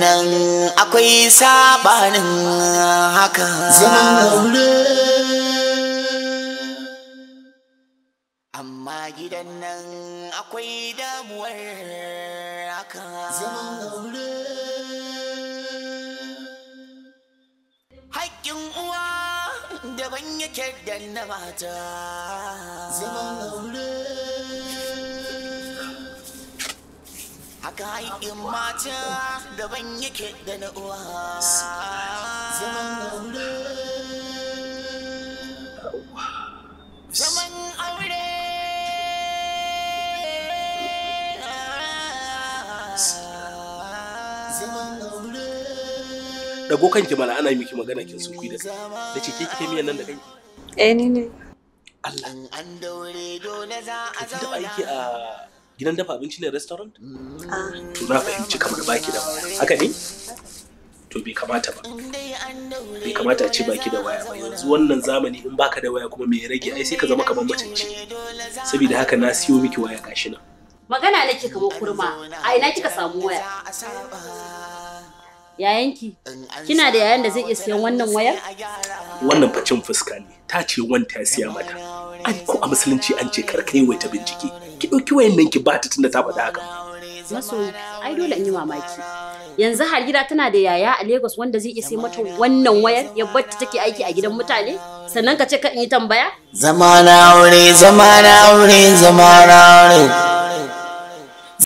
nan akwai sabanin haka amma gidan nan akwai damuwar haka haƙƙin uwa daban yake da na mata zaman aure Ka'in mata daban yake da na uwa. Zaman Dago kanki mana ana miki magana kin sun da kai. Da ce ke kike miyan nan da kanki? Eh ni ne. Allah. An daure a zauna. aiki a gidan dafa abinci ne restaurant? Ah. To na fahimci kamar baki da waya. Haka ne? To bai kamata ba. Bai kamata a ce baki da waya ba yanzu wannan zamani in baka da waya kuma me ya rage ai sai ka zama kamar mace ce. Saboda haka na siyo miki waya gashi nan. Magana nake kamar kurma. A ina kika samu waya? yayanki kina da yayan da zai iya siyan wannan wayar? Wannan facin fuska ne, ta ce wanta siya mata. ai ko a musulunci an ce kar kai ta bincike ki ɗauki wayannan ki bata tunda ta faɗa haka maso ai dole in yi mamaki yanzu har gida tana da yaya a Lagos wanda zai iya sai mata wannan wayar ya batta take aiki a gidan mutane sannan ka ce ka in yi tambaya zama na aure zama aure zama aure